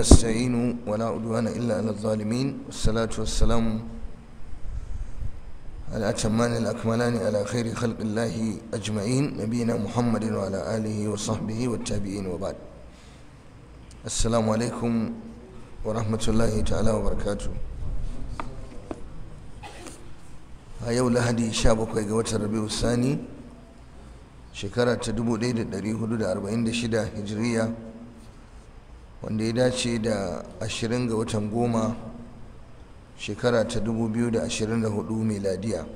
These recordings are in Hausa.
نستعين ولا عدوان إلا على الظالمين والصلاة والسلام الأتمان الأكملان على خير خلق الله أجمعين نبينا محمد وعلى آله وصحبه والتابعين وبعد السلام عليكم ورحمة الله تعالى وبركاته a yau lahadi 17 ga watan rabiu sani shekara ta 1446 hijiriya wanda ya dace da 20 ga watan goma shekara ta 2024 meladiya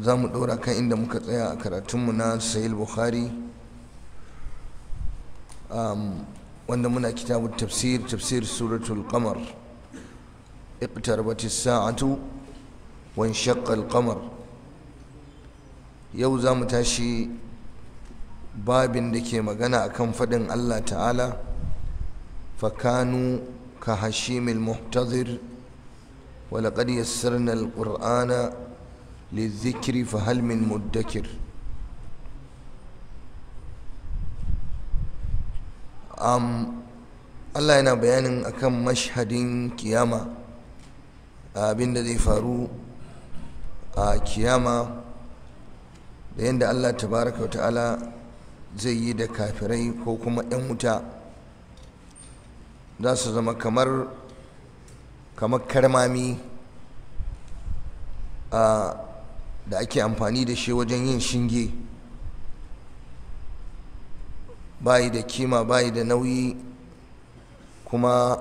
za mu ɗora kan inda muka tsaya a karatunmu na sahil bukhari um, wanda muna kitabun tafsir tafsir suratul qamar iqtarabatis sa'atu wa inshaqqa al-qamar yau za mu tashi babin da ke magana a kan faɗin Allah ta'ala fakanu ka hashimil muhtazir walaƙar yassarna alƙur'ana lizikiri fahalmin muddakir um, Allah yana bayanin akan mashhadin kiyama da zai faru a kiyama da yadda Allah tabaraka wa ta'ala zai yi da kafirai ko kuma 'yan wuta za su zama kamar kamar karmami da ake amfani da shi wajen yin shinge bayi da kima bayi da nauyi kuma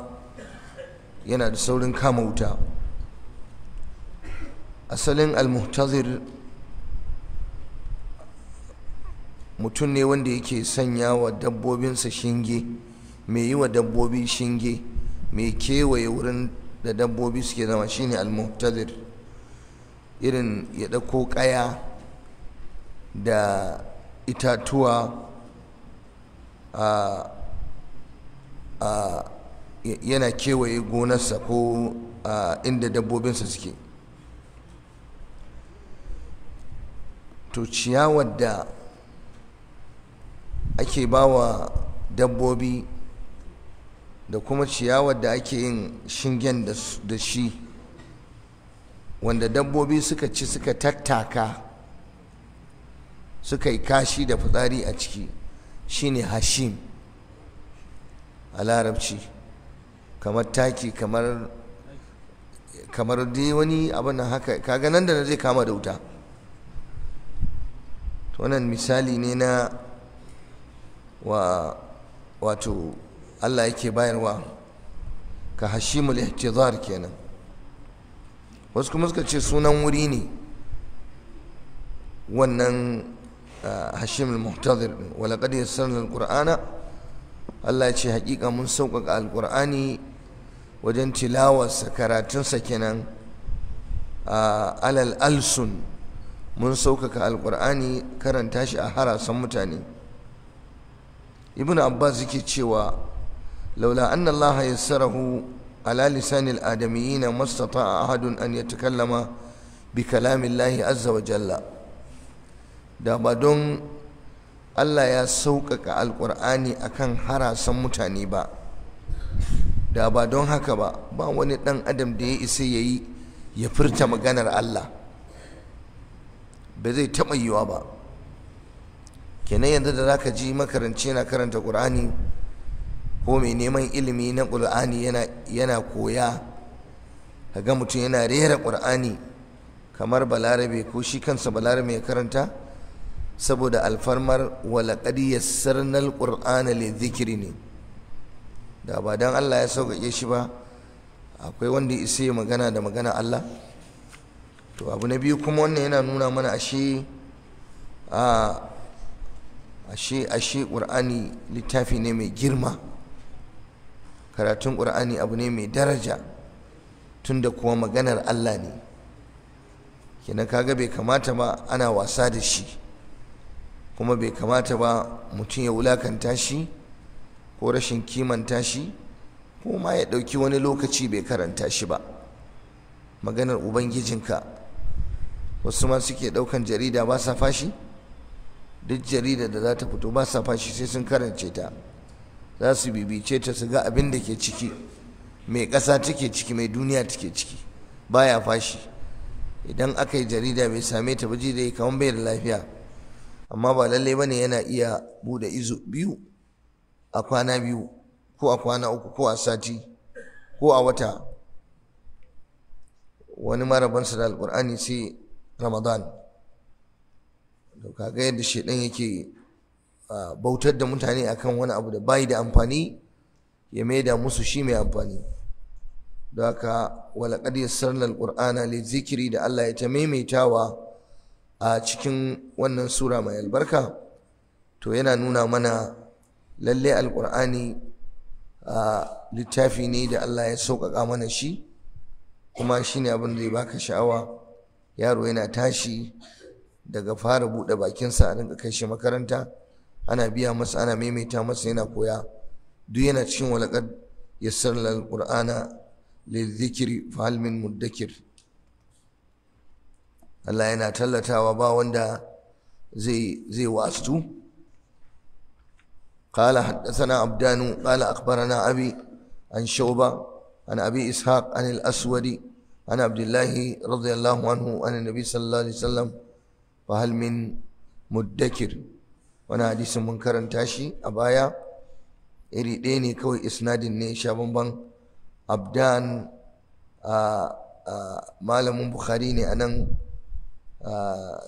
yana da saurin kama wuta asalin almuhtazir mutum ne wanda yake sanya wa dabbobinsa shinge mai yi wa dabbobi shinge mai kewaye wurin da dabbobi suke zama shine almuhtadir irin ya ɗauko ƙaya da itatuwa yana kewaye gonarsa ko inda dabbobinsa suke to ciyawar da ake ba wa dabbobi da kuma ciyawar da ake yin shingen da shi wanda dabbobi suka ci suka tattaka suka yi kashi da fitsari a ciki shine hashim a larabci kamar taki kamar kamar dai wani abin haka kaga nan da zai kama da wuta wannan misali ne na wa wato Allah yake bayarwa ka hashimul ihtizar kenan wasu kuma suka ce sunan wuri ne wannan hashimul muhtazir wala qad yassarna alqur'ana Allah ya ce hakika mun sauƙaƙa alqur'ani wajen tilawarsa karatunsa kenan alal alsun mun sauƙaƙa alqur'ani karanta shi a harasan mutane ibn abbas yake cewa laula anna allaha yassarahu ala lisan al-adamiyyin a ahadun an yatakallama bi kalamillahi azza wa jalla da ba don Allah ya sauƙaƙa alƙur'ani kan harasan mutane ba da ba don haka ba ba wani ɗan adam da ya isa ya yi ya furta maganar Allah ba zai taɓa yiwa ba kenan yanzu da ka ji makaranci na karanta qur'ani ko mai neman ilimi na qur'ani yana yana koya kaga mutum yana rera qur'ani kamar balarabe ko shi kansa balarabe ya karanta saboda alfarmar walaqad yassarna alqur'ana lidhikri ne da ba dan Allah ya sauƙaƙe shi ba akwai wanda isa magana da magana Allah to abu na biyu kuma wannan yana nuna mana ashe a ah, ashe ashe ƙur'ani littafi ne mai girma karatun ƙur'ani abu ne mai daraja tun da kuwa maganar Allah ne kina kaga bai kamata ba ana wasa da shi kuma bai kamata ba mutum ya wulakanta shi ko rashin kimanta shi ko ma ya ɗauki wani lokaci bai karanta shi ba maganar ubangijinka wasu ma suke ɗaukan jarida ba sa fashi duk jaridar da za ta fito ba sa fashi sai sun karance ta za su bibice ta su ga abin da ke ciki mai ƙasa take ciki mai duniya take ciki baya fashi idan aka yi jarida bai same ta ba da kamar bai da lafiya amma ba lalle ba ne yana iya bude izu biyu a kwana biyu ko a kwana uku ko a sati ko a wata wani marabansa da alƙur'ani sai ramadan to kaga yadda shedan yake bautar da mutane akan wani abu da bai da amfani ya maida musu shi mai amfani don haka walaƙad yassarna alqur'ana lizikri da Allah ya ta maimaitawa a cikin wannan sura mai albarka to yana nuna mana lalle alqur'ani littafi ne da Allah ya sauƙaƙa mana shi kuma shine abin da zai baka sha'awa yaro yana tashi daga fara buɗe bakinsa a rinka kai shi makaranta ana biya masa ana maimaita masa yana koya duk yana cikin walakar yassar alqur'ana lizikiri fa hal min muddakir Allah yana tallatawa ba wanda zai zai wastu قال حدثنا عبدان قال أخبرنا أبي عن شوبة عن أبي إسحاق عن الأسود عن عبد الله رضي الله عنه عن النبي صلى fa min muddakir wani hadisin mun karanta shi a baya iri ɗaya ne kawai isnadin ne sha bambam. abdan malamin bukhari ne a nan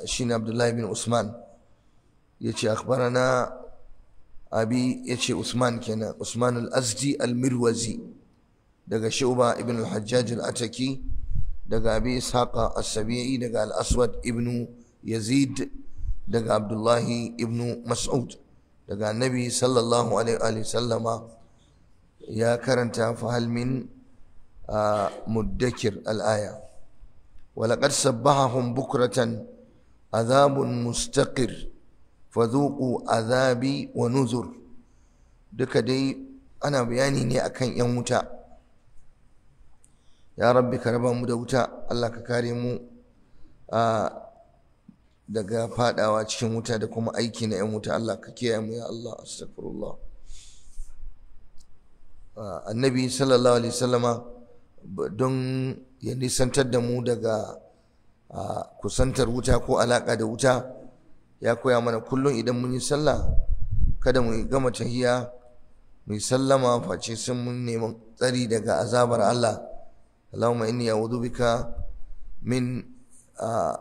shi ne abdullahi bin usman ya ce na abi ya ce usman kenan usman al-azdi al-mirwazi daga shuba ibn al-hajjaj al-ataki daga abi ishaqa as-sabi'i daga al-aswad ibnu yazid daga abdullahi ibnu mas'ud daga annabi sallallahu ya karanta fahalmin muddakir al'aya walaƙar sabbahahun bukratan azabun mustaƙir fazuƙu azabi wa nuzur duka dai ana bayani ne akan 'yan wuta ya rabbi ka raba mu da wuta allah ka kare mu a daga fadawa cikin wuta da kuma aiki na 'yan wuta Allah ka kiyaye mu ya Allah astaghfirullah annabi sallallahu alaihi wasallama don ya nisantar da mu daga kusantar wuta ko alaka da wuta ya koya mana kullum idan mun yi sallah kada mu gama tahiya mu yi sallama face sun mun neman tsari daga azabar Allah Allahumma inni a'udhu bika min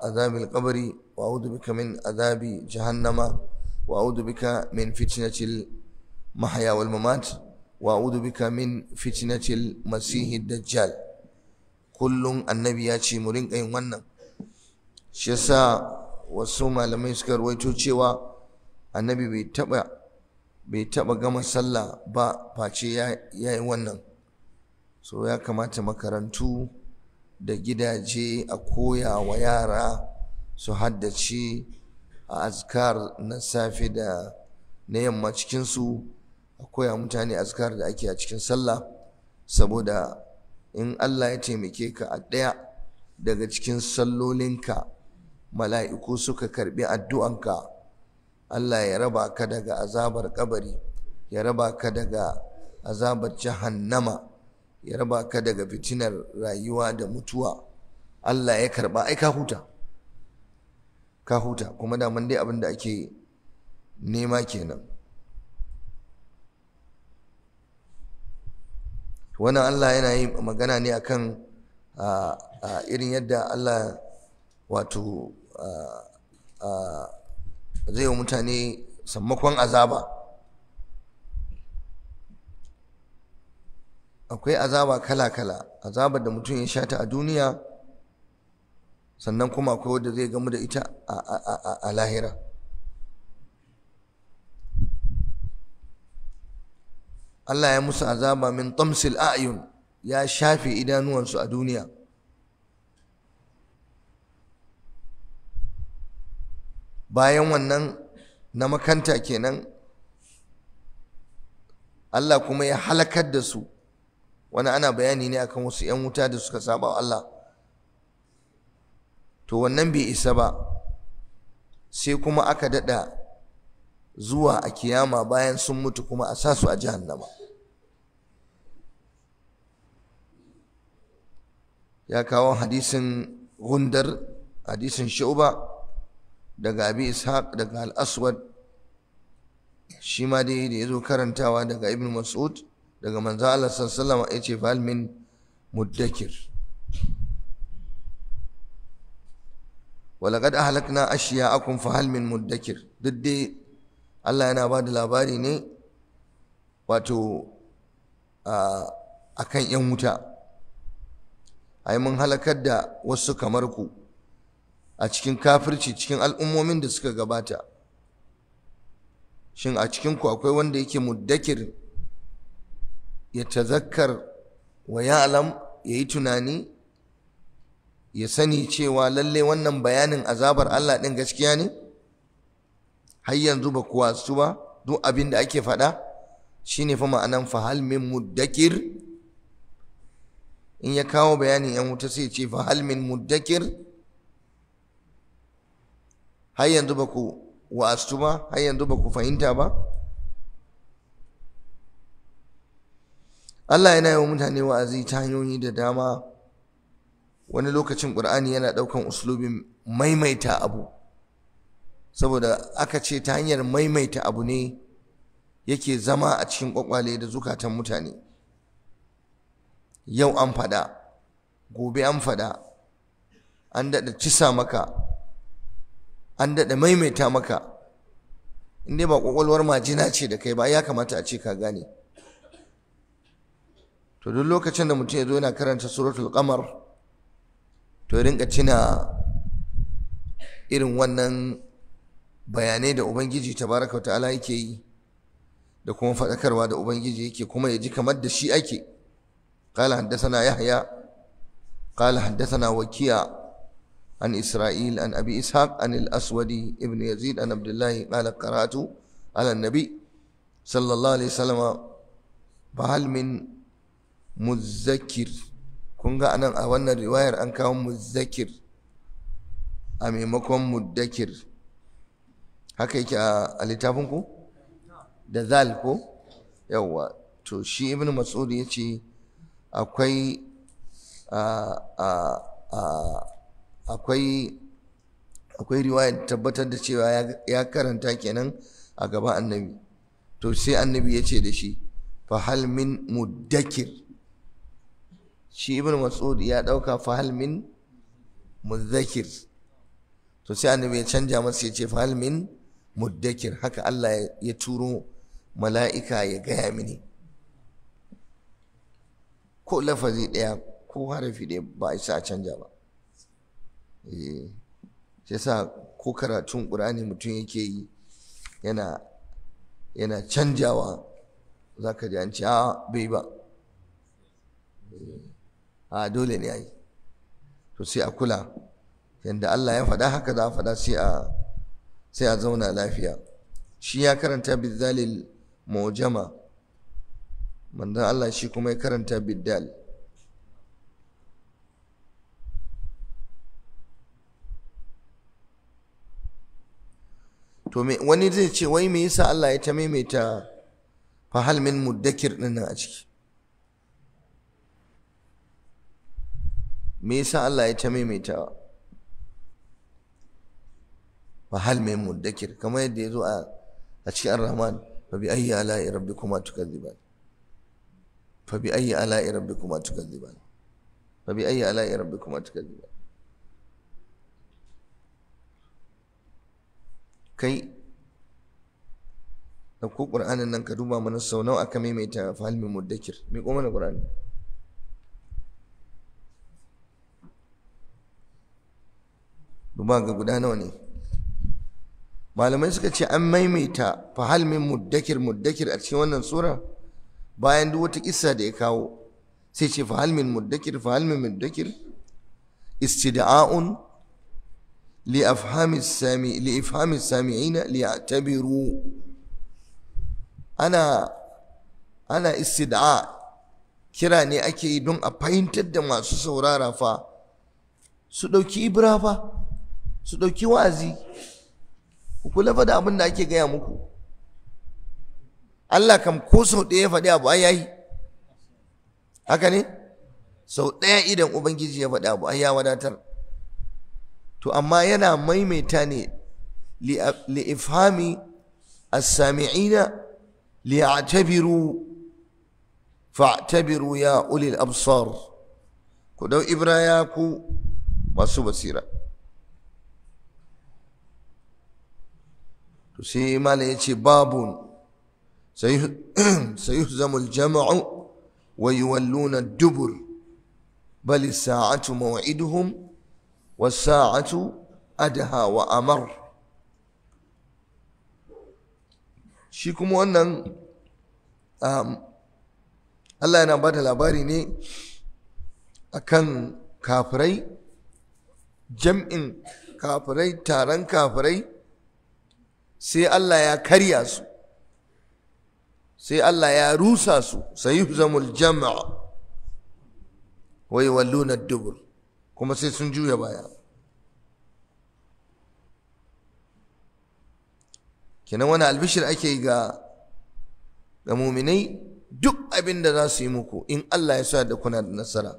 azabil qabri وأعوذ بك من عذاب جهنم وأعوذ بك من فتنة المحيا والممات وأعوذ بك من فتنة المسيح الدجال كل النبي ياتي مرين أي ونن شيسا wasu malamai suka ruwaito cewa annabi bai taba gama sallah ba face ya wannan so ya kamata makarantu da gidaje a koyawa yara su haddace a azkar na safe da na yamma cikinsu a koya mutane azkar da ake a cikin sallah saboda in Allah ya taimake ka a ɗaya daga cikin sallolinka mala'iku suka karɓi addu'anka Allah ya raba ka daga azabar kabari ya raba ka daga azabar jahannama ya raba ka daga fitinar rayuwa da mutuwa Allah ya karɓa aika ka huta ka huta kuma daman dai abin da ake nema kenan wannan Allah yana yi magana ne akan irin yadda Allah wato zai wa mutane sammakon azaba akwai azaba kala-kala azabar da mutum ya shata a duniya sannan kuma akwai wadda zai gamu da ita a lahira Allah ya musu azaba min tamsil a'yun ya shafe idanuwansu a duniya bayan wannan na makanta kenan Allah kuma ya halakar da su wani ana bayani ne akan wasu 'yan wuta da suka saba Allah to wannan bai isa ba sai kuma aka dada zuwa a kiyama bayan sun mutu kuma a sa su a jahannama ya kawo hadisin gundar hadisin sha'uba daga abi ishaq daga al-aswad shi ma dai da ya zo karantawa daga ibn mas'ud daga manzo Allah sallallahu alaihi wasallam yace fal min muddakir walaqad ahlakna ashiya'akum a hal min muddakir duk dai Allah yana ba da labari ne wato a kan 'yan wuta ai mun halakar da wasu kamar ku a cikin kafirci cikin al'ummomin da suka gabata shin a cikinku akwai wanda yake muddakir ya tazakkar wa ya'lam ya yi tunani ya sani cewa lalle wannan bayanin azabar Allah ɗin gaskiya ne har yanzu ba kuwa su ba duk abin da ake faɗa ne fa ma'anan fahal min muddakir in ya kawo bayanin yan wuta sai ce fahal min muddakir har yanzu ba ku wa'astu ba har yanzu ba ku fahimta ba Allah yana yi wa mutane wa'azi ta hanyoyi da dama wani lokacin ƙur'ani yana ɗaukan uslubin maimaita abu saboda aka ce ta hanyar maimaita abu ne yake zama a cikin ƙwaƙwale da zukatan mutane yau an faɗa gobe an faɗa an daɗa cisa maka an daɗa maimaita maka in dai ba ƙwaƙwalwar majina ce da kai ba ya kamata a ce ka gane to duk lokacin da mutum ya zo yana karanta suratul kamar. to rinka cina irin wannan bayanai da ubangiji tabaraka ta'ala yake yi da kuma faɗakarwa da ubangiji yake kuma ya ji kamar da shi ake qala haddathana yahya haddasa na wakiya an isra'il an abi ishaq an al-aswadi ibn yazid an Abdullahi, Kala Karatu, ala nabi sallallahu alaihi wasallam fa hal Muzakir. kun ga anan a wannan riwayar an kawo zakir a maimakon muddakir haka yake a littafin ku da zal ko yawwa to shi ibn mas'ud ya ce akwai akwai akwai riwaya tabbatar da cewa ya karanta kenan a gaban annabi to sai annabi ya ce da shi fa hal min muddakir shi ibn mas'ud ya dauka fahal min muzakir to sai annabi ya canja masa ya ce fahal min muddakir haka Allah ya turo mala'ika ya gaya mini ko lafazi ɗaya ko harafi ɗaya ba isa a canja ba eh, sai sa ko karatun ƙur'ani mutum yake yi yana canjawa za ka ji an ce a bai ba eh. a dole ne yi. to sai a kula yanda Allah ya faɗa haka za a faɗa sai a zauna lafiya shi ya karanta bizalil mujama manzon Allah shi kuma ya karanta biddal to wani zai ce wai me yasa Allah ya ta maimaita fahal min muddakir dinnan a ciki me yasa Allah ya ta maimaitawa fa hal mai muddakir kamar yadda ya zo a cikin ar-rahman fa bi ayyi ala'i rabbikuma tukadziban fa bi ayyi ala'i rabbikuma tukadziban fa bi ayyi ala'i rabbikuma tukadziban kai da ko qur'anin nan ka duba mana sau nawa aka maimaita fa hal mai muddakir me ko mana qur'ani duba ga guda nawa ne malamai suka ce an maimaita fahal min muddakir muddakir a cikin wannan sura bayan duk wata kissa da ya kawo sai ce fahal min muddakir fahal min muddakir istida'un li afhami sami li ifhami sami'ina li ya'tabiru ana ana istida'a kira ne ake yi don a fahimtar da masu saurara fa su ɗauki ibra fa su ɗauki wa'azi ku kula da abin da ake gaya muku Allah kam ko sau ɗaya ya faɗi abu ai yayi haka ne sau ɗaya idan ubangiji ya faɗi abu ai ya wadatar to amma yana maimaita ne li ifhami as-sami'ina li'tabiru fa'tabiru ya ulil absar ku dau ibraya ku masu basira to sai malam yace babun sayuhzamu al-jam'u wa yuwalluna ad-dubur bal as-sa'atu maw'iduhum was-sa'atu wa amar shi kuma wannan um, Allah yana bada labari ne akan kafirai jam'in kafirai taron kafirai sai Allah ya karya su sai Allah ya rusa su sayuhzamul jam'a wa yawalluna dubur kuma sai sun juya baya kenan wani albishir ake ga da muminai duk abin da za su yi muku in Allah ya sa da kuna da nasara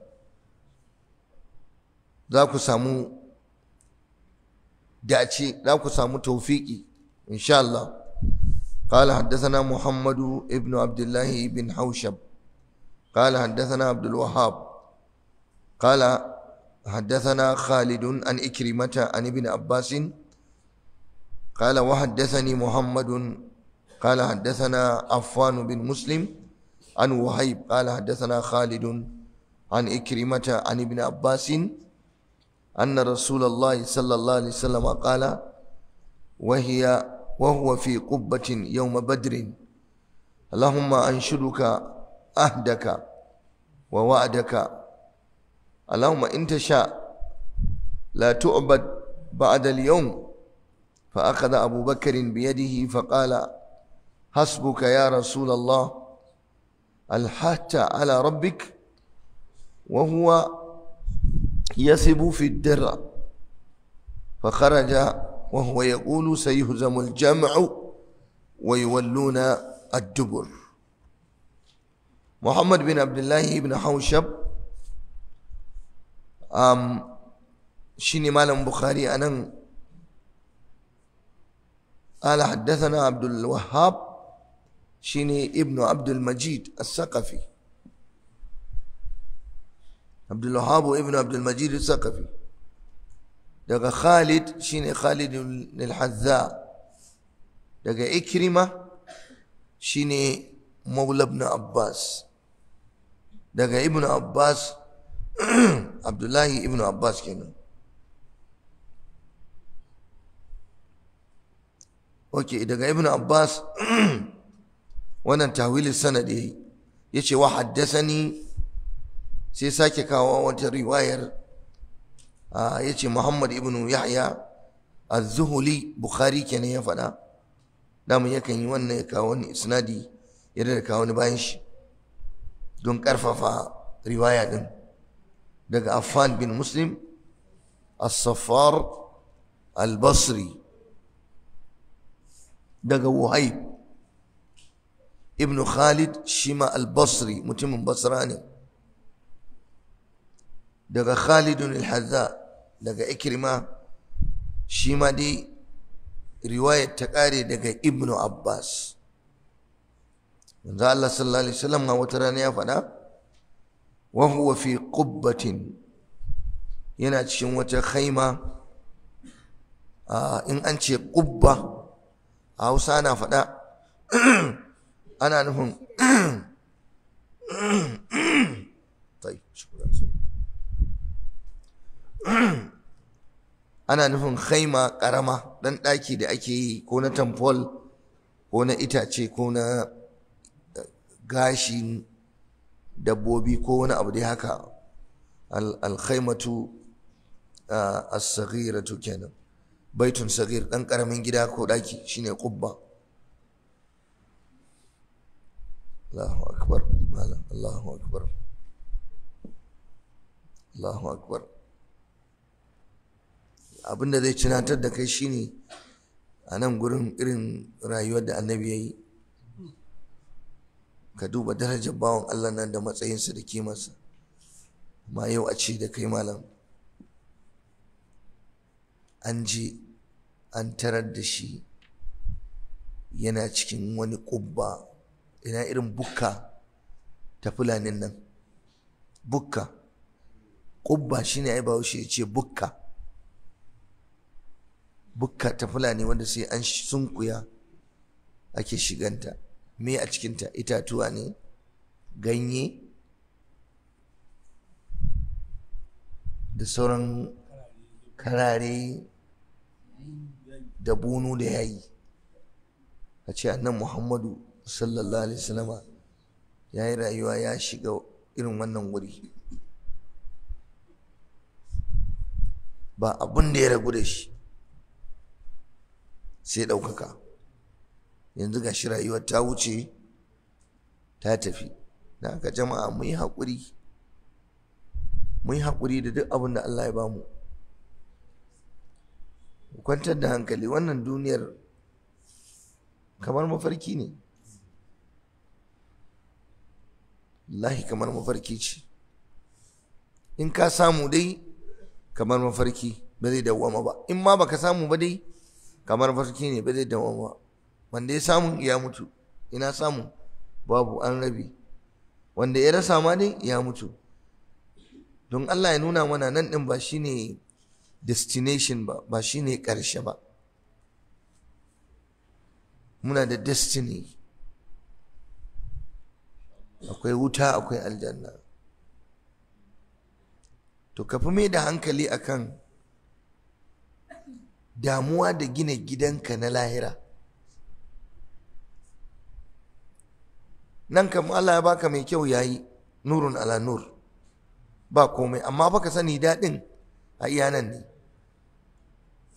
za ku samu dace za ku samu taufiki إن شاء الله قال حدثنا محمد ابن عبد الله بن حوشب قال حدثنا عبد الوهاب قال حدثنا خالد عن إكرمة عن ابن عباس قال وحدثني محمد قال حدثنا عفان بن مسلم عن وهيب قال حدثنا خالد عن إكرمة عن ابن عباس أن رسول الله صلى الله عليه وسلم قال وهي وهو في قبة يوم بدر اللهم أنشدك أهدك ووعدك اللهم إن تشاء لا تعبد بعد اليوم فأخذ أبو بكر بيده فقال حسبك يا رسول الله الحات على ربك وهو يثب في الدرة فخرج وهو يقول سيهزم الجمع ويولون الدبر محمد بن عبد الله بن حوشب um, شيني مالم بخاري أنا قال حدثنا عبد الوهاب شيني ابن عبد المجيد الثقفي عبد الوهاب وابن عبد المجيد الثقفي daga Khalid shine Khalid Al Hazza daga Ikrima shine Mawla ibn Abbas daga Ibn Abbas Abdullahi ibn Abbas kenan Ok, daga Ibn Abbas wannan tawilin sanadi yayi yace wa haddasani sai sake kawo wata riwayar Ah, ya ce muhammad ibn yahya az-zuhuli bukhari kenan ya faɗa damun yakan yi wannan ya kawo wani isnadi ya da kawo wani bayan shi don ƙarfafa riwaya din daga affan bin muslim as-saffar al-basri daga wuhaib ibn khalid shima al-basri mutumin basra ne daga Khalidun al daga ikirma shi ma dai riwayar ta ƙare daga Ibnu Abbas manzo Allah sallallahu alaihi wasallam wata rana ya faɗa wa huwa fi yana cikin wata khaima ah, in an ce ƙubba. a Hausa ana faɗa ana nufin ana nufin khaima ƙarama ɗan ɗaki da ake yi ko na tamfol ko na itace ko na eh, gashin dabbobi ko wani abu dai haka alkhaimatu eh, as-saghiratu kenan baitun saghir ɗan karamin gida ko ɗaki shine qubba Allahu akbar Allahu akbar Allahu akbar abin da zai cinatar da kai shine a nan gurin irin rayuwar da annabi ya yi ka duba darajar bawan Allah nan da matsayinsa da kimarsa ma yau a ce da kai malam an je an tarar da shi yana cikin wani ƙubba yana irin bukka ta fulanin nan bukka ƙubba shine ai bahaushe ya ce bukka bukka ta fulani wanda sai an sunkuya ake shiganta me a cikinta itatuwa ne ganye da sauran karare da bunu da yayi a ce annan muhammadu sallallahu alaihi wasallama ya yi rayuwa ya shiga irin wannan wuri ba abin da ya ragu da shi sai ɗaukaka yanzu ga shi rayuwar ta wuce ta tafi da haka jama'a mu yi haƙuri mu yi haƙuri da duk abin da Allah ya ba mu kwantar da hankali wannan duniyar kamar mafarki ne lahi kamar mafarki ce in ka samu dai kamar mafarki ba zai dawwama ba in ma baka samu ba dai kamar farki ne ba zai dawama wanda ya samu ya mutu ina samu babu an rabi wanda ya rasa ma ne ya mutu don Allah ya nuna mana nan din ba shine destination ba ba shine karshe ba muna da destiny akwai wuta akwai aljanna to ka fi mai da hankali akan damuwa da gina gidanka na lahira nan kam Allah ya baka mai kyau yayi nurun ala nur ba komai amma baka sani daɗin a iyanan ne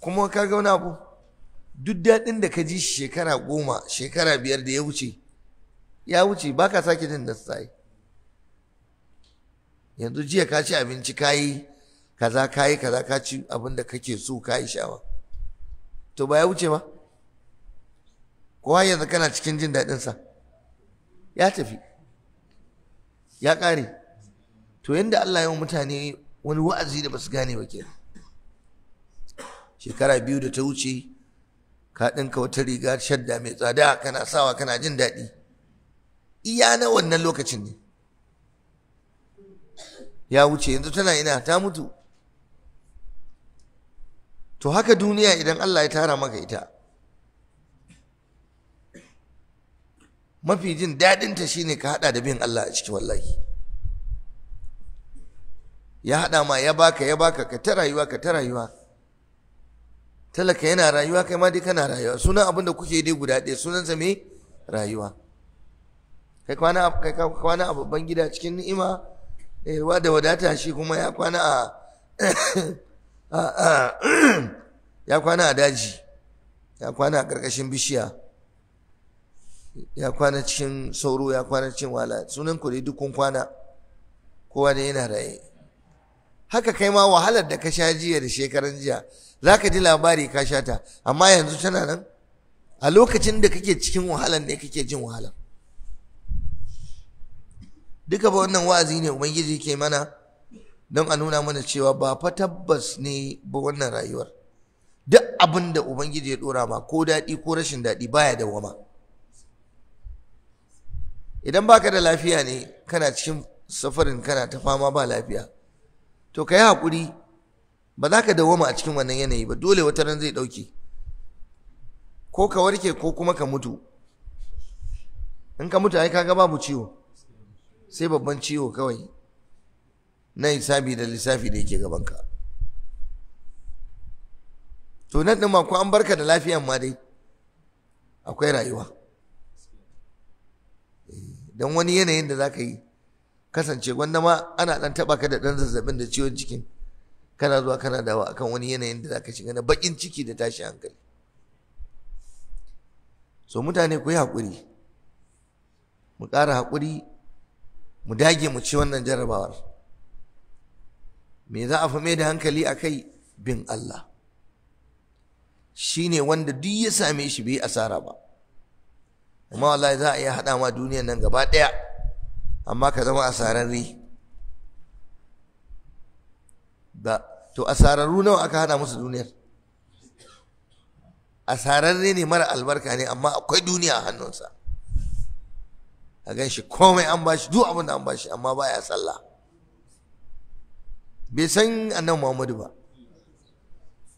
kuma ka ga wani abu duk daɗin da ka ji shekara goma shekara biyar da ya wuce ya wuce baka sake jin da sai yanzu jiya ka ci abinci kayi kaza kayi kaza ka ci abin da kake so kayi sha'awa to ba ya wuce ba kowa yanzu kana cikin jin daɗinsa ya tafi ya ƙare to yadda Allah yawan mutane wani wa'azi da basu gane ba kenan shekara biyu da ta wuce ka ɗinka wata riga shadda mai tsada kana sawa kana jin daɗi iya na wannan lokacin ne ya wuce yanzu tana ina ta mutu to haka duniya idan Allah ya tara maka ita mafi jin daɗinta shine ka haɗa da bin Allah a ciki wallahi ya haɗa ma ya baka ya baka ka ta rayuwa ka ta rayuwa talaka yana rayuwa kai ma dai kana rayuwa sunan abin da kuke dai guda ɗaya sunansa me rayuwa kai kwana kai kwana a babban gida cikin ni'ima da eh, da wadata shi kuma ya kwana a ya kwana a daji ya kwana a ƙarƙashin bishiya ya kwana cikin sauro ya kwana cikin wala sunan ku dai dukkan kwana kowa ne yana raye haka kai ma wahalar da ka sha jiya da shekaran jiya za ka ji labari ka sha ta amma yanzu tana nan a lokacin da kake cikin wahalar ne kake jin wahalar duka ba wannan wa'azi ne ubangiji ke mana don a nuna mana cewa ba fa tabbas ne ba wannan rayuwar duk abin da ubangiji ya dora ma ko daɗi ko rashin daɗi baya dawama idan baka da lafiya ne kana cikin safarin kana ta fama ba lafiya to ka yi haƙuri ba za ka dawama a cikin wannan yanayi ba dole wata ran zai ɗauke ko ka warke ko kuma ka mutu in ka mutu ai ga babu ciwo sai babban ciwo kawai na hisabi da lissafi da yake gabanka to nan ɗin ma ko an barka da lafiyan ma dai akwai rayuwa eh, don wani yanayin da za ka yi kasance wanda ma ana ɗan taɓa ka da ɗan zazzabin da ciwon cikin kana zuwa kana dawa akan wani yanayin da za ka shiga na baƙin ciki da tashi hankali so mutane ku yi haƙuri mu ƙara hakuri mu dage mu ci wannan jarrabawar me za a fi mai da hankali a kai bin Allah shi ne wanda duk ya same shi bai asara ba amma wallahi za a iya haɗa ma duniyan nan gaba ɗaya amma ka zama asararri. da to asararru nawa aka haɗa musu duniyar Asararri ne mara albarka ne amma akwai duniya a hannunsa a gan shi komai an bashi duk abin da an bashi amma baya sallah bai san annabi Muhammadu ba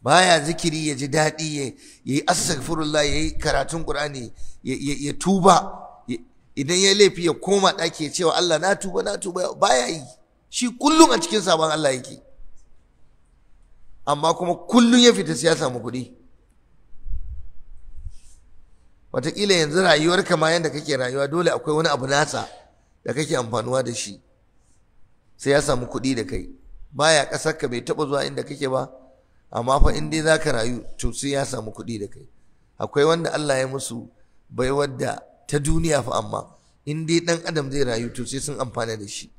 baya zikiri ya ji daɗi ya yi astaghfirullah ya yi karatun Qur'ani ya tuba idan ya laifi ya koma ɗaki ya cewa Allah na tuba na tuba baya yi shi kullum a cikin sabon Allah yake amma kuma kullum ya fita sai ya samu kuɗi wataƙila yanzu rayuwar ma yadda kake rayuwa dole akwai wani abu nasa da kake amfanuwa da shi sai ya samu kuɗi da kai baya ƙasar ka bai taɓa zuwa inda kake ba amma fa in dai za ka rayu to sai ya samu kuɗi da kai akwai wanda Allah ya musu bai wadda ta duniya fa amma in dai ɗan adam zai rayu to sai sun amfana da shi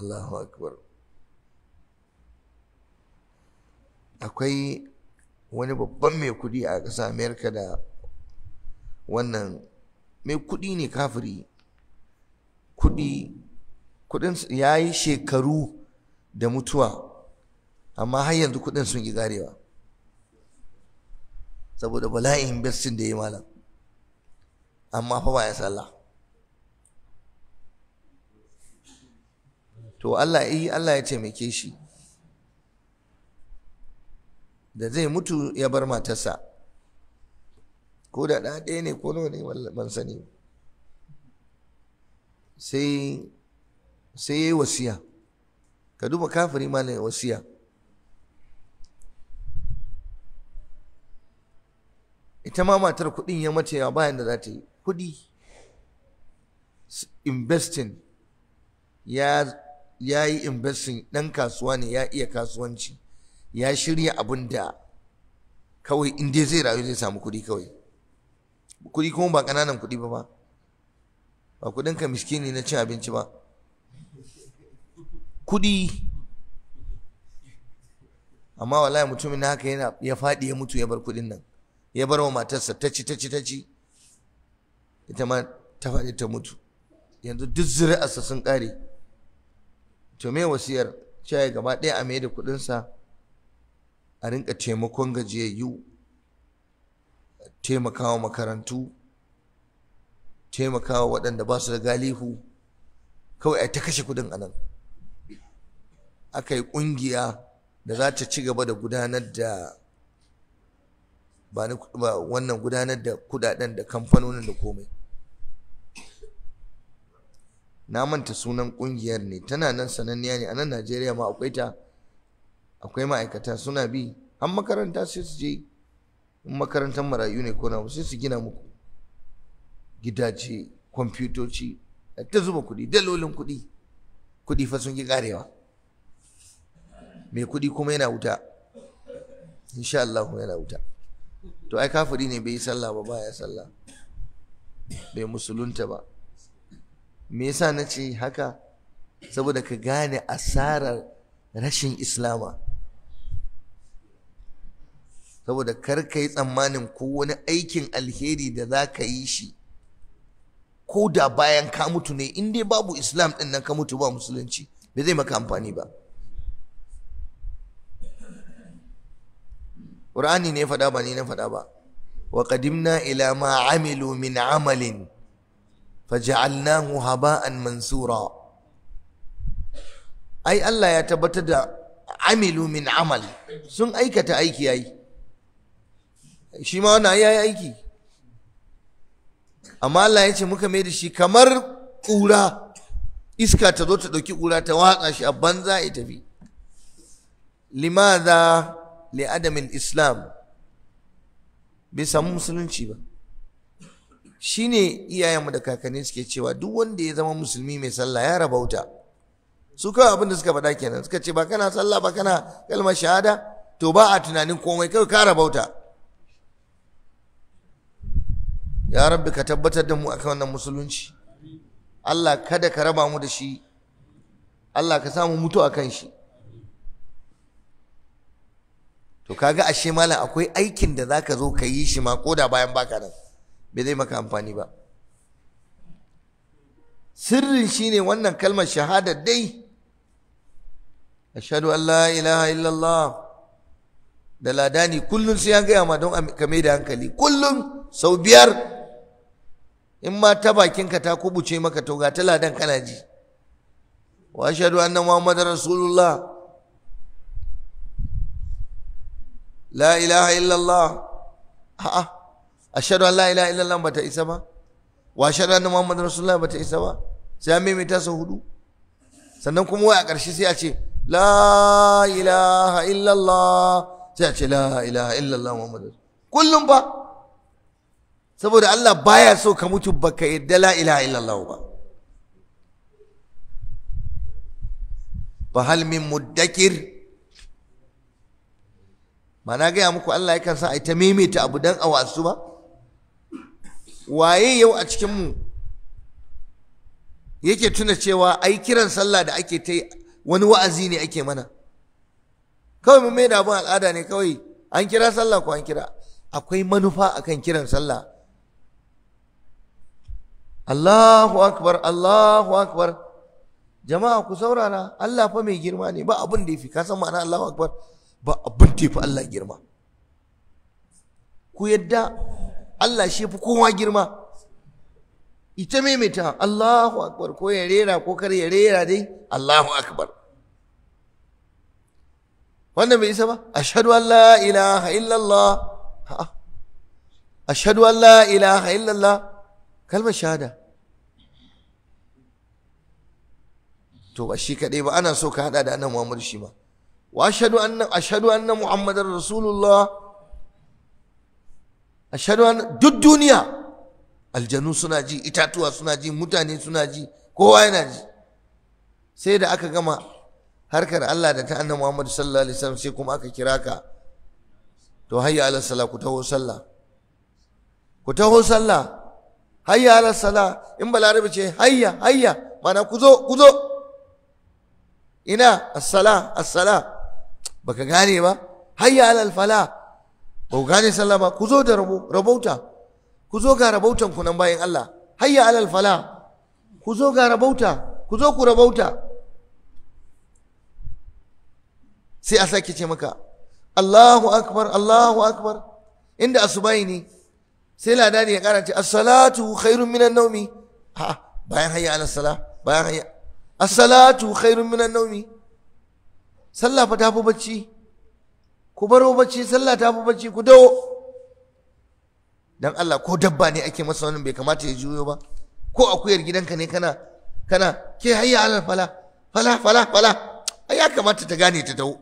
Allahu akbar akwai wani babban mai kuɗi a ƙasa Amerika da wannan mai kuɗi ne kafiri kuɗi kuɗin ya yi shekaru da mutuwa amma har yanzu kuɗin sun ƙi karewa, saboda bala'in bestin da ya yi malam amma fa ba ya sallah to Allah yi eh, Allah ya taimake shi da zai mutu ya bar matarsa ko da ɗa ɗaya ne ko nawa ne ban sani sai sai yayi wasiya ka duba kafiri ma ne wasiya ita ma matar kuɗin ya mace ya bayan da za ta yi kuɗi investing ya ya yi investing ɗan kasuwa ne ya iya kasuwanci ya shirya abin da kawai in dai zai rayu zai samu kuɗi kawai kuɗi kuma ba ƙananan kuɗi ba ba ba kuɗin ka miskini na cin abinci ba kuɗi amma wallahi mutumin na haka yana ya faɗi ya mutu ya bar kuɗin nan ya bar wa matarsa ta ci ta ci ta ci ita ma ta faɗi ta mutu yanzu duk zuri'arsa sun ƙare to me wasiyar cewa gaba ɗaya a mai da kuɗinsa a rinka taimakon gajiyayyu taimakawa makarantu taimakawa waɗanda ba su da galihu kawai a ta kashe kudin anan aka yi ƙungiya da za ta ci gaba da gudanar da ba wannan gudanar da kudaden da kamfanonin da komai na manta sunan ƙungiyar ne tana nan sananniya ne a nan najeriya ma akwai ta akwai ma'aikata suna bi an makaranta sai su je in makarantar marayu ne ko na sai su gina muku gidaje kwamfutoci ta zuba kuɗi dalolin kuɗi kuɗi fa sun ki karewa mai kuɗi kuma yana wuta insha Allah yana wuta to ai kafiri ne bai yi sallah ba baya sallah bai musulunta ba me yasa na ce haka saboda ka gane asarar rashin islama saboda kar ka yi tsammanin ko wani aikin alheri da za ka yi shi ko da bayan ka mutu ne in dai babu islam ɗin nan ka mutu ba musulunci ba zai maka amfani ba ƙur'ani ne faɗa ba ni na faɗa ba wa qadimna ila ma amilu min amalin faja'alnahu haba'an mansura ai Allah ya tabbatar da amilu min amal sun aikata aiki yayi shi ma wannan yi aiki amma Allah ya ce muka mai da shi kamar ƙura iska ta zo ta ɗauki kura ta watsa shi a banza ya tafi limaza li adamin islam bai samu musulunci ba shine iyayenmu da kakanni suke cewa duk wanda ya zama musulmi mai sallah ya rabauta su kawai abin da suka faɗa kenan suka ce ba kana sallah ba kana kalmar shahada to ba a tunanin komai kawai ka rabauta ya rabbi ka tabbatar da mu akan wannan musulunci Allah kada ka raba mu da shi Allah ka samu mutu akan shi to kaga ashe malam akwai aikin da zaka zo ka yi shi ma koda bayan baka nan bai zai maka amfani ba sirrin shine wannan kalmar shahada dai ashhadu an la ilaha illallah da ladani kullum sai an gaya ma don ka da hankali kullum sau biyar in ma ta bakinka ta kubuce maka to ga taladan kana ji wa ashhadu anna Muhammad rasulullah la ilaha illallah a'a ashhadu an la ilaha illallah bata isa ba wa ashhadu anna muhammadar rasulullah bata isa ba sai an maimaita sau hudu sannan kuma wai a ƙarshe sai a ce la ilaha illallah sai a ce la ilaha illallah muhammadar kullum ba saboda Allah baya so ka mutu baka yadda la ilaha illallah ba fa min muddakir mana gaya muku Allah yakan sa a ta maimaita abu dan a wasu ba waye yau a cikin mu yake tuna cewa ai kiran sallah da ake ta wani wa'azi ne ake mana kawai mun mai da abin al'ada ne kawai an kira sallah ko an kira akwai manufa akan kiran sallah Allahu akbar Allahu akbar jama'a ku saurara Allah fa mai girma ne ba abin da ya fi, ka san ma'ana Allahu akbar ba abin da fi, Allah girma ku yadda Allah shi fi kowa girma ita maimaita Allahu akbar ko ya rera ko kar ya rera dai Allahu akbar wannan bai isa ba ashhadu an la ilaha illallah ashhadu an la ilaha illallah kalmar shahada to ba shi kaɗai ba ana so ka haɗa da annan muhammadu shi ma wa ashhadu anna ashhadu annan muhammadar rasulullah ashhadu anna duk duniya aljanu suna ji itatuwa suna ji mutane suna ji kowa yana ji sai da aka gama harkar Allah da ta annan muhammadu sallallahu alaihi wasallam sai kuma aka kira ka to hayya ala sala ku taho sallah ku taho sallah hayya ala sala in balarabe ce hayya hayya mana ku zo ku zo ina as-sala as-sala baka gane ba hayya alal fala ba ku gane sallah ba ku zo da rabo rabauta ku zo ga rabautan ku nan bayan Allah hayya alal fala ku zo ga rabauta ku zo ku rabauta sai a sake ce maka Allahu akbar Allahu akbar inda asubai ne sai ladani ya karanta as-salatu khairun minan naumi ha bayan hayya ala sala bayan hayya as-salatu khairun minan naumi sallah fa tafi bacci ku baro bacci sallah tafi bacci ku dawo dan Allah ko dabba ne ake masa wannan bai kamata ya juyo ba ko akuyar gidanka ne kana kana ke hayya ala fala fala fala fala ai ya kamata ta gane ta dawo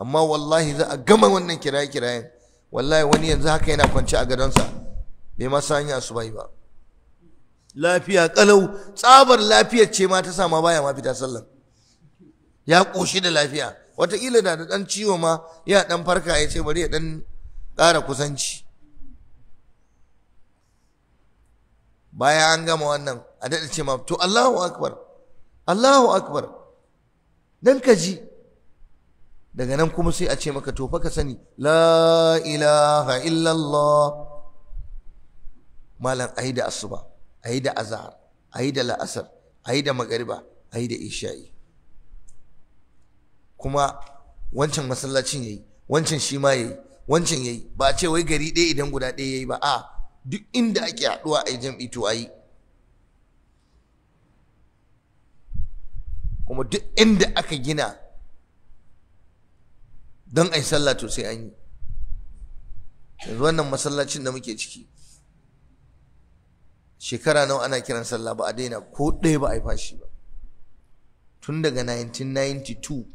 amma wallahi za a gama wannan kiraye kirayen wallahi wani yanzu haka yana kwance a gadonsa bai ma sanya su bai ba lafiya kalau tsabar lafiyar ce ma ta sa baya ma fita sallan ya koshi da lafiya wataƙila da da ɗan ciwo ma ya ɗan farka ya ce bari ya ɗan ƙara kusanci baya an gama wannan a daɗa ce ma to Allahu akbar Allahu akbar dan ka ji daga nan kuma sai a ce maka to fa ka sani la ilaha illallah malam ayi da asuba ayi da azhar ayi da la'asar ayi da magariba ayi da isha'i kuma wancan masallacin yayi wancan shi ma yayi wancan yayi ba a ce wai gari ɗaya idan guda ɗaya yayi ba a duk inda ake haɗuwa a yi jam'i to ayi kuma duk inda aka gina don a yi sallah to sai an yi yanzu wannan masallacin da muke ciki shekara nawa ana kiran sallah ba a daina ko ɗaya ba a yi fashi ba tun daga 1992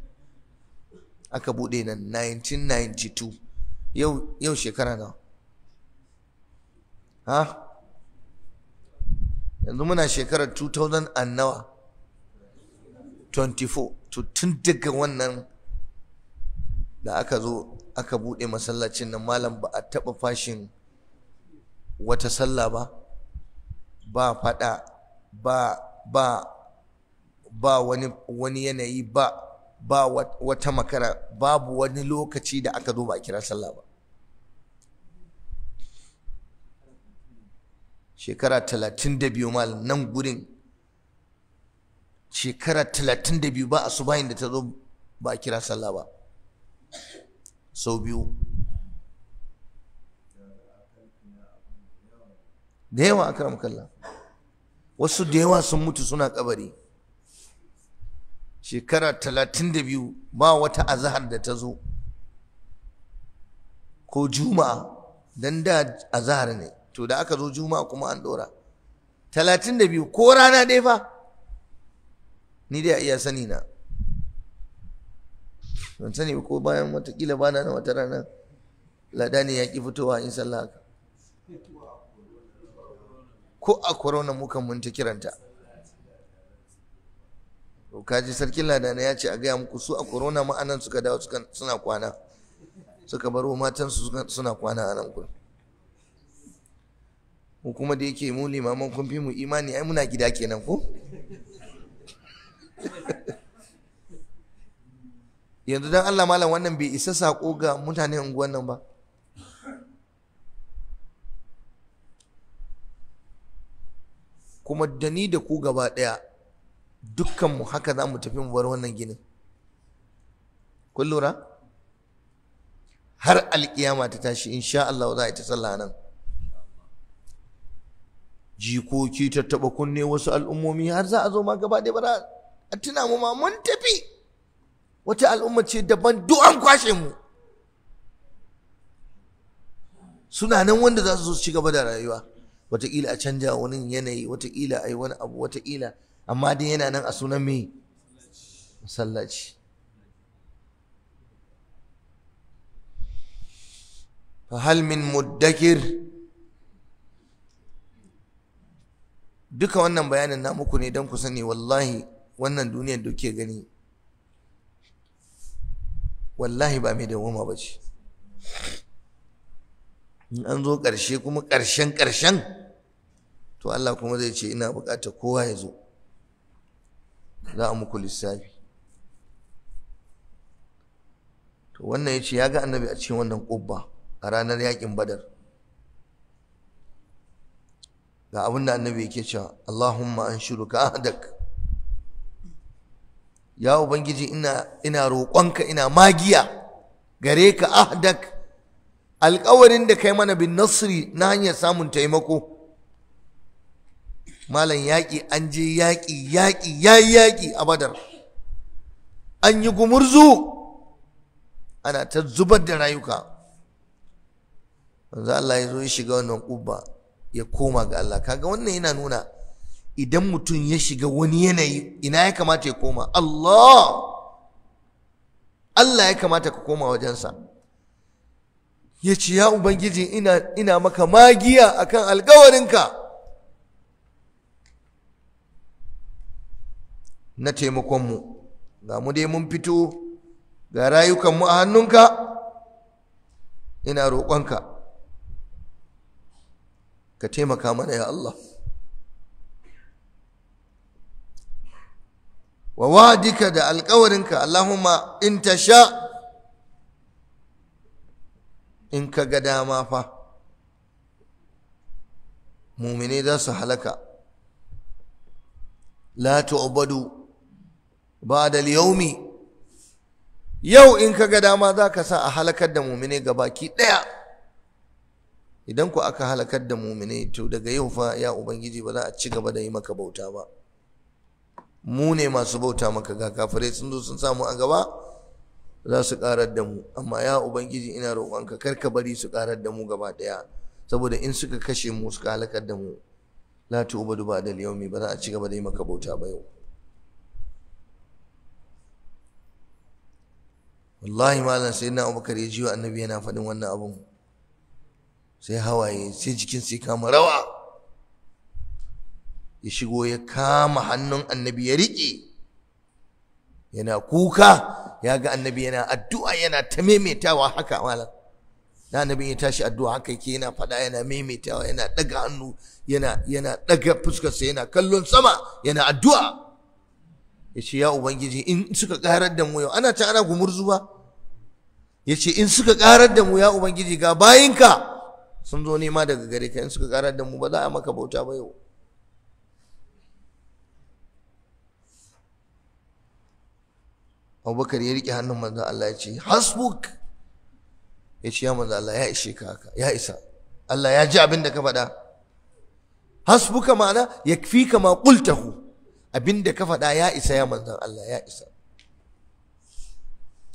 aka buɗe nan 1992 yau yau shekara nawa ha yanzu muna shekarar 2000 an nawa 24 to tun daga wannan da aka zo aka buɗe masallacin nan malam ba a taɓa fashin wata sallah ba ba faɗa ba ba ba wani wani yanayi ba ba wata makara babu wani lokaci da aka zo ba a kira sallah ba shekara talatin da biyu malam nan gurin shekara talatin da biyu ba a subayin da ta zo ba a kira sallah ba sau biyu da yawa a karam kalla wasu da yawa sun mutu suna kabari shekara talatin da biyu ba wata azahar da ta zo ko juma'a don da azahar ne to da aka zo juma'a kuma an dora talatin da biyu ko rana dai fa ni dai a iya sani na ban sani ko bayan watakila bana na wata rana ladani ya ki fitowa in sallah haka ko a corona muka mun ta kiranta to kaji sarkin ladana ya ce a gaya muku su a corona ma anan suka dawo suna kwana suka matan su suna kwana a nan gurin mu kuma da yake mu limaman kun fi mu imani ai muna gida kenan ko yanzu don Allah malam wannan bai isa sako ga mutane unguwan nan ba kuma da ni da ku gaba ɗaya dukkanmu haka za mu tafi mu bar wannan ginin kun lura har alƙiyama ta tashi insha Allah za a yi ta sallah nan jikoki taɓa kunne wasu al'ummomi har za a zo ma gaba ɗaya ba a tuna mu ma mun tafi wata al'umma ce daban duk an kwashe mu suna nan wanda za su zo su ci gaba da rayuwa wataƙila a canja wani yanayi wataƙila a yi wani abu wataƙila amma dai yana nan a sunan me masallaci fahal min muddakir duka wannan bayanin na muku ne don ku sani wallahi wannan duniyar da kuke gani wallahi ba mai dawoma ba ce in an zo ƙarshe kuma ƙarshen ƙarshen to Allah kuma zai ce ina buƙatar kowa ya zo za a muku lissafi to wannan ya ce ya ga annabi a cikin wannan ƙubba a ranar yaƙin badar ga abin da annabi yake cewa Allahumma an shiru ka. ya ubangiji ina ina roƙonka ina magiya gare ka ahdak alƙawarin da kai mana bin nasri na hanyar samun taimako malam yaƙi an je yaƙi yaƙi ya yaƙi a badar an yi gumurzu ana ta zubar da rayuka yanzu Allah ya zo ya shiga wannan ƙubba ya koma ga Allah kaga wannan yana nuna idan mutum ya shiga wani yanayi ina ya kamata ya koma Allah Allah ya kamata ka koma wajensa ya ce ya ubangiji ina, ina maka magiya akan alkawarinka na taimakonmu ga mu dai mun fito ga rayukanmu a hannunka ina roƙonka ka taimaka mana ya Allah wa wa'dika da alkawarinka Allahumma in sha in ka ga dama fa mumine za su halaka la tu'badu ba'da al-yawmi yau in ka ga dama za ka sa a halakar da mumine baki ɗaya idan ku aka halakar da mumine to daga yau fa ya ubangiji ba za a ci gaba da yi maka bauta ba mu ne masu bauta maka ga kafirai sun zo sun samu a gaba za su karar da mu amma ya ubangiji ina roƙonka kar ka bari su karar da mu gaba ɗaya saboda in suka kashe mu suka halakar da mu la tu'badu duba da yaumi ba za a ci gaba da yi maka bauta ba yau wallahi malam sai na abubakar ya ji wa annabi yana faɗin wannan abun sai hawaye sai jikin sai kama rawa ya shigo ya kama hannun annabi ya riƙe yana kuka ya ga annabi yana addu'a yana ta maimaitawa haka malam da annabi ya tashi addu'a haka yake yana faɗa yana maimaitawa yana ɗaga hannu yana yana ɗaga fuskarsa yana kallon sama yana addu'a ya ce ya ubangiji in suka ƙarar da mu yau ana ta ana gumurzu ba ya ce in suka ƙarar da mu ya ubangiji ga bayinka sun zo nema daga gare ka in suka ƙarar da mu ba za a maka bauta ba yau abubakar ya riƙe hannun manzan Allah ya ce hasbuk ya ce ya manzan Allah ya ishe ka haka ya isa Allah ya ji abin da ka faɗa hasbuka ma'ana ya fi ka ma ƙultahu abin da ka faɗa ya isa ya manzan Allah ya isa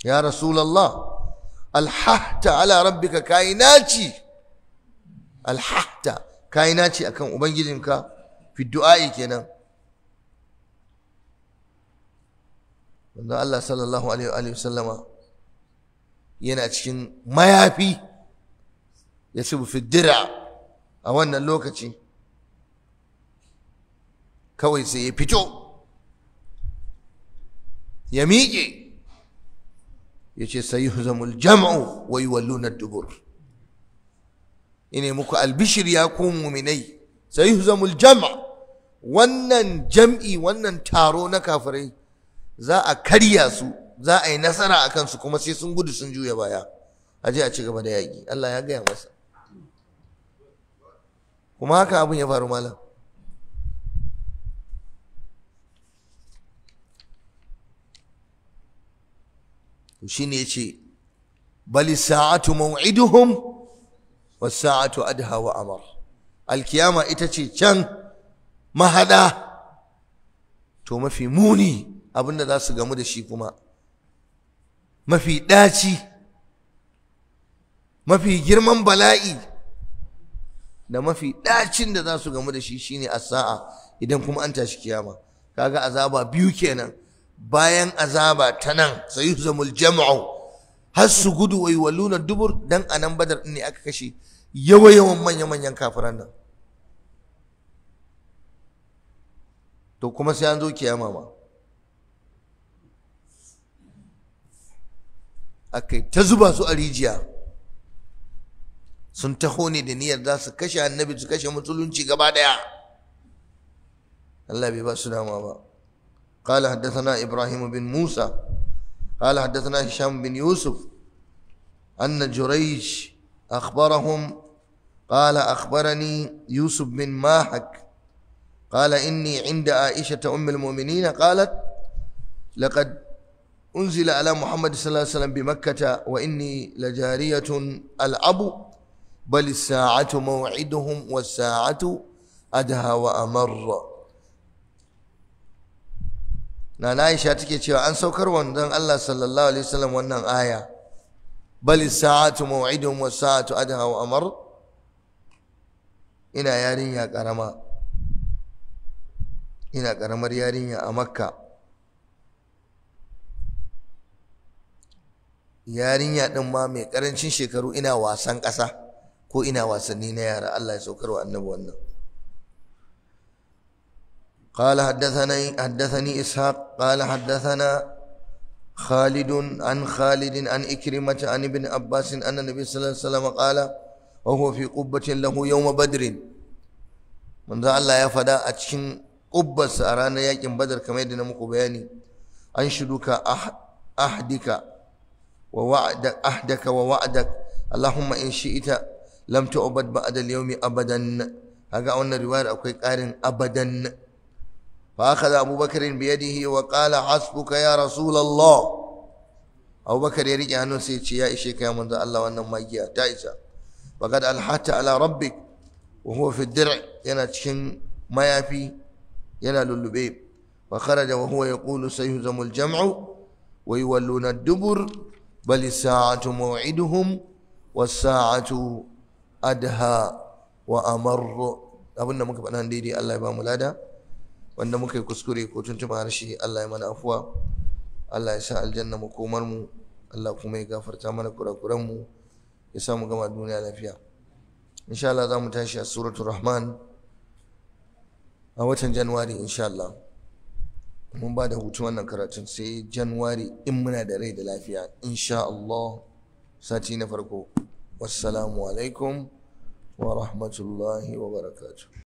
ya rasulallah alhahta ala rabbika kayi naci alhahta kayi naci akan ubangijinka fi du'a'i kenan manzon Allah sallallahu alaihi wa sallama yana cikin mayafi ya ci fiddira a wannan lokaci kawai sai ya fito ya miƙe ya ce sayuhzamul jama'u wa yuwalluna dubur ine muku albishir ya ku muminai sayuhzamul jam' wannan jam'i wannan taro na kafirai za a karya su za a yi nasara a kansu kuma sai sun gudu sun juya baya a je a ci gaba da yaƙi Allah ya gaya masa kuma haka abin ya faru malam to shine yace bali sa'atu maw'iduhum was sa'atu adha wa amar alkiyama ita ce can mahada to mafi muni abinda za su gamu da shi kuma mafi ɗaci mafi girman bala'i da mafi ɗacin da za su gamu da shi shine asa'a idan kuma an tashi kiyama kaga azaba biyu kenan bayan azaba ta nan zamul jam'u har su gudu wa luna dubur dan anan badar ne aka kashe yawa yawan manya manyan kafiran nan to kuma sai an zo kiyama ma aka yi ta zuba su a rijiya sun taho ne da niyyar za su kashe annabi su kashe musulunci gaba ɗaya Allah ba su dama ba qala haddathana ibrahim bin musa qala haddathana hisham bin yusuf ان جريج اخبرهم قال اخبرني يوسف بن ماحك قال اني عند عائشه ام المؤمنين قالت لقد unzila ala muhammad sallallahu bi makkata wa inni lajariyatun al'abu bal sa'atu maw'iduhum was sa'atu adha amarra Nana Aisha take cewa an saukar wanzan Allah sallallahu alaihi wannan aya bal sa'atu maw'iduhum was sa'atu adha amarra ina yarinya yarinya a makka yarinya din ma mai karancin shekaru ina wasan ƙasa ko ina wasanni na yara Allah ya saukar wa annabi wannan قال حدثني حدثني إسحاق قال حدثنا خالد عن خالد عن إكرمة عن ابن عباس أن النبي صلى الله عليه وسلم قال وهو في قبة له يوم بدر من ذا الله يفدا أتشن قبة سأرانا يكن بدر كما يدنا مكو بياني أنشدك أحدك ووعدك عهدك ووعدك اللهم إن شئت لم تعبد بعد اليوم أبدا هذا أن رواية أكوي قارن أبدا فأخذ أبو بكر بيده وقال حسبك يا رسول الله أبو بكر يرجع أنه سيتشي يا إشيك يا منذ الله وأنه ميا تعيسى وقد ألحت على ربك وهو في الدرع ينا تشن ما يفي ينا للبيب وخرج وهو يقول سيهزم الجمع ويولون الدبر بل الساعة موعدهم والساعة أدهى وأمر abinda muka faɗa daidai Allah ya ba mu lada wanda muka yi kuskure ko tuntuma harshe Allah ya mana afuwa Allah ya sa aljanna mu komar mu Allah kuma ya gafarta mana kurakuran mu ya sa mu gama duniya lafiya insha Allah za mu tashi a suratul rahman a watan januwari insha Allah mun ba da hutu wannan karatun sai januwari in muna da rai da lafiya insha Allah sati na farko wassalamu alaikum wa rahmatullahi wa barakatuh